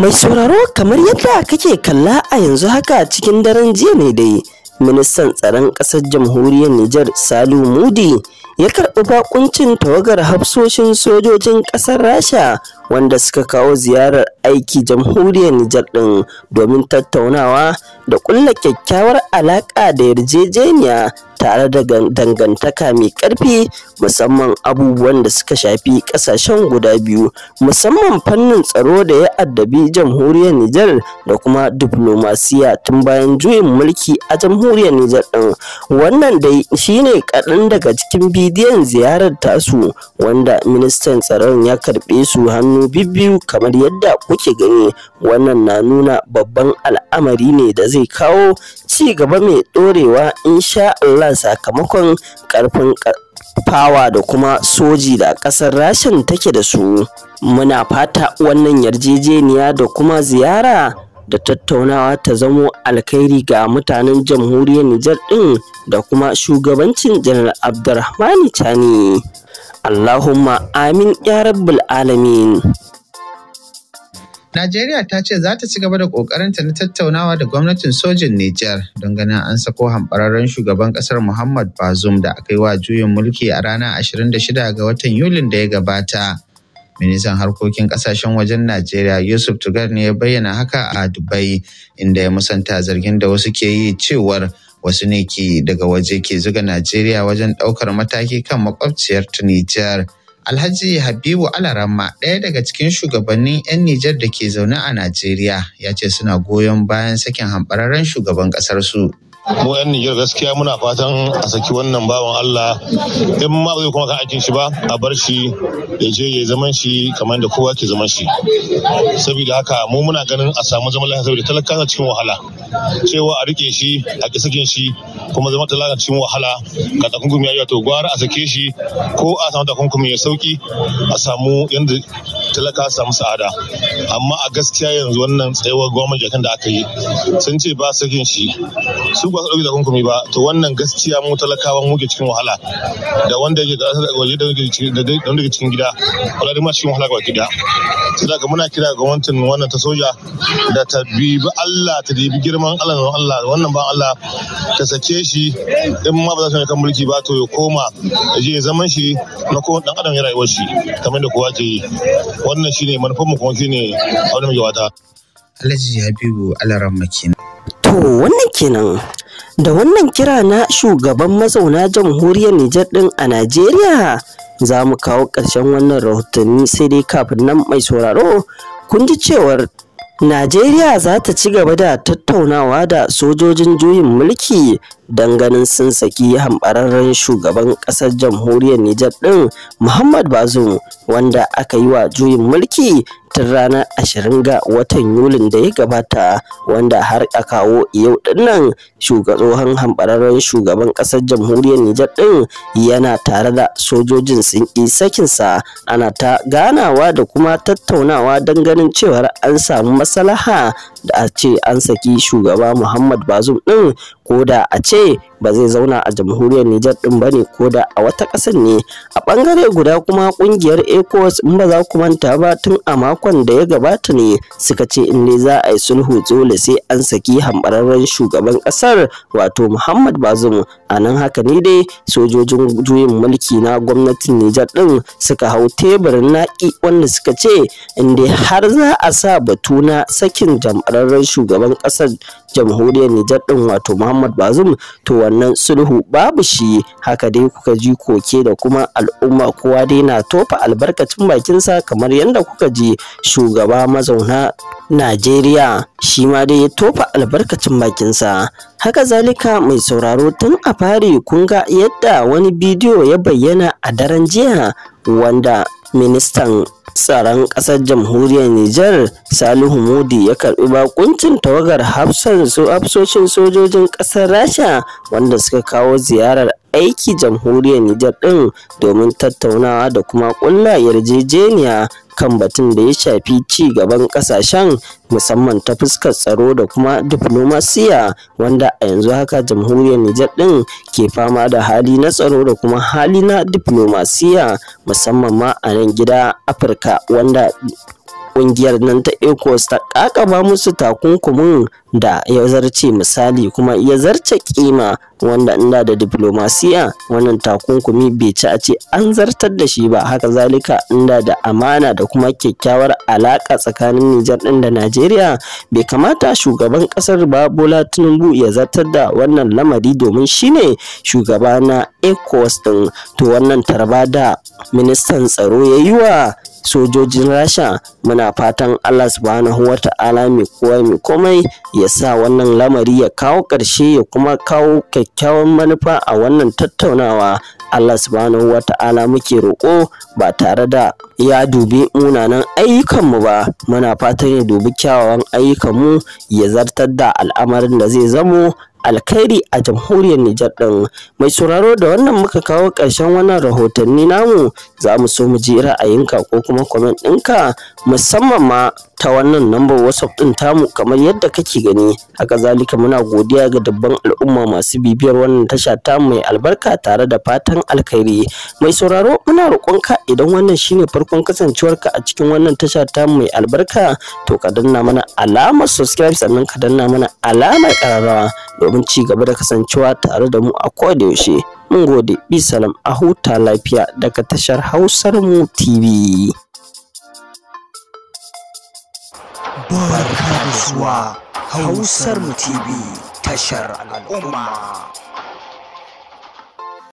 Mai sauraro kamar yadda kake kalla a yanzu haka cikin daren jiya ne dai ministan tsaron ƙasar jamhuriyar Nijar Salu Mudi ya karɓi bakuncin tawagar hafsoshin sojojin ƙasar Rasha wanda suka kawo ziyarar aiki jamhuriyar Nijar ɗin domin tattaunawa da ƙulla kyakkyawar alaƙa da yarjejeniya tare da dangantaka mai ƙarfi musamman abubuwan da suka shafi ƙasashen guda biyu musamman fannin tsaro da ya addabi jamhuriyar Nijar da kuma diplomasiya tun bayan juyin mulki a jamhuriyar Nijar ɗin wannan dai shine kaɗan daga cikin bidiyon ziyarar tasu wanda ministan tsaron ya karɓe su hannu bibbiyu kamar yadda kuke gani wannan na nuna babban al'amari ne da zai kawo ci gaba mai ɗorewa insha Allah sakamakon karfin fawa da kuma soji da ƙasar rashin take da su muna fata wannan yarjejeniya da kuma ziyara da tattaunawa ta zamo alkhairi ga mutanen jamhuriyar nijar ɗin da kuma shugabancin janar abdulrahmani chani allahumma amin ya rabbul alamin Najeriya ta ce za ta ci gaba da ƙoƙarinta na tattaunawa da gwamnatin sojin Nijar don ganin an sako hambararren shugaban ƙasar Muhammad Bazoum da aka yi wa juyin mulki a ranar 26 ga watan Yulin da ya gabata. Ministan harkokin kasashen wajen Najeriya Yusuf Tugar ne ya bayyana haka a Dubai inda ya musanta zargin da wasu ke yi cewar wasu ne ke daga waje ke zuga Najeriya wajen ɗaukar mataki kan makwabciyar Nijar. Alhaji Habibu Alarama ɗaya daga cikin shugabannin 'yan Nijar da ke zaune a Najeriya ya ce suna goyon bayan sakin hambararren shugaban ƙasar su. mu yan Niger gaskiya muna fatan a saki wannan bawan Allah in ma zai kuma kan aikin shi ba a bar shi ya je ya zaman shi kamar da kowa ke zaman shi saboda haka mu muna ganin a samu zaman lafiya saboda talakawa cikin wahala cewa a rike shi a ki sakin shi kuma zama talaka cikin wahala ga takunkumi ya to gwara a sake shi ko a samu takunkumi ya sauki a samu yanda talaka samu sa'ada amma a gaskiya yanzu wannan tsayuwar gwamnati da aka yi sun ce ba sakin shi su ba su ɗauki takunkumi ba to wannan gaskiya mu talakawa muke cikin wahala da wanda yake da waje da wanda yake cikin gida wala da ma cikin wahala ga gida sai daga muna kira ga gwamnatin wannan ta soja da ta bi Allah ta bi girman Allah da Allah wannan ban Allah ta sake shi in ma ba za su kan mulki ba to ya koma je zaman shi na ko dan adam ya rayuwar shi kamar da kowa ke yi wannan shine manufar mu kuma shine abin da muke wata Alhaji Habibu kenan. To wannan kenan da wannan kira na shugaban mazauna jamhuriyar Nijar ɗin a Najeriya za mu kawo ƙarshen wannan rahotanni sai dai kafin nan mai sauraro kun ji cewar Najeriya za ta ci gaba da tattaunawa da sojojin juyin mulki don ganin sun saki hambararren shugaban ƙasar jamhuriyar Nijar ɗin Muhammad Bazoum wanda aka yi wa juyin mulki tun ranar 20 ga watan Yulin da ya gabata wanda har a kawo yau dinnan shugaban hambararren shugaban ƙasar jamhuriyar Nijar ɗin yana tare da sojojin sun sakin sakinsa ana ta ganawa da kuma tattaunawa don ganin cewar an samu maslaha da a ce an saki shugaba Muhammad Bazum din ko da a ce ba zai zauna a jamhuriyar Nijar din ne ko da a wata ƙasar ne a ɓangare guda kuma ƙungiyar ECOWAS in ba za ku manta ba tun a makon da ya gabata ne suka ce in dai za a yi sulhu dole sai an saki hambararren shugaban ƙasar wato Muhammad Bazum. a nan haka ne dai sojojin juyin mulki na gwamnatin Nijar ɗin suka hau teburin naki wanda suka ce in dai har za a sa batu na sakin jam'ararren shugaban ƙasar jamhuriyar Nijar din wato Muhammad Muhammad Bazum to wannan sulhu babu shi haka dai kuka ji koke da kuma al'umma kowa dai na tofa albarkacin bakinsa kamar yadda kuka ji shugaba mazauna Najeriya shi ma dai ya tofa albarkacin bakinsa. Haka zalika mai sauraro tun a fari kun ga yadda wani bidiyo ya bayyana a daren jiya wanda ministan tsaron ƙasar jamhuriyar Nijar Salihu Modi ya karɓi bakuncin tawagar hafsoshin sojojin ƙasar Rasha wanda suka kawo ziyarar aiki jamhuriyar Nijar ɗin domin tattaunawa da kuma ƙulla yarjejeniya kan batun da ya shafi ci gaban kasashen musamman ta fuskar tsaro da kuma diflomasiya wanda a yanzu haka jamhuriyar Nijar din ke fama da hali na tsaro da kuma hali na diflomasiya musamman ma a nan gida Afirka wanda kungiyar nan ta ecos ta kakaba musu takunkumin da ya zarce misali kuma ya zarce kima wanda inda da diplomasiya wannan takunkumi bai ci a ce an zartar da shi ba haka zalika inda da amana da kuma kyakkyawar alaka tsakanin Nijar din da Najeriya bai kamata shugaban kasar ba Bola Tinubu ya zartar da wannan lamari domin shine shugaba na ECOWAS din to wannan tarba da ministan tsaro ya yi wa sojojin rasha muna fatan allah subhanahu wa ta'ala mai kowa mai komai ya sa wannan lamari ya kawo ƙarshe ya kuma kawo kyakkyawan manufa a wannan tattaunawa allah subhanahu wa ta'ala muke roƙo ba tare da ya dubi munanan ayyukanmu ba muna fatan ya dubi kyawawan ayyukanmu ya zartar da al'amarin da zai zamo alkhairi a jamhuriyar Nijar ɗin. Mai sauraro da wannan muka kawo ƙarshen wannan rahotanni namu za mu so mu ji ra'ayinka ko kuma comment ɗinka musamman ma ta wannan lambar whatsapp din tamu kamar yadda kake gani haka zalika muna godiya ga dabban al'umma masu bibiyar wannan tasha tamu mai albarka tare da fatan alkhairi mai sauraro muna roƙonka idan wannan shine farkon kasancewarka a cikin wannan tasha tamu mai albarka to ka danna mana alamar subscribe sannan ka danna mana alamar ƙararrawa domin ci gaba da kasancewa tare da mu a kodayaushe mun gode bi salam a huta lafiya daga tashar hausar mu tv barka da zuwa hausar mu tv tashar al'umma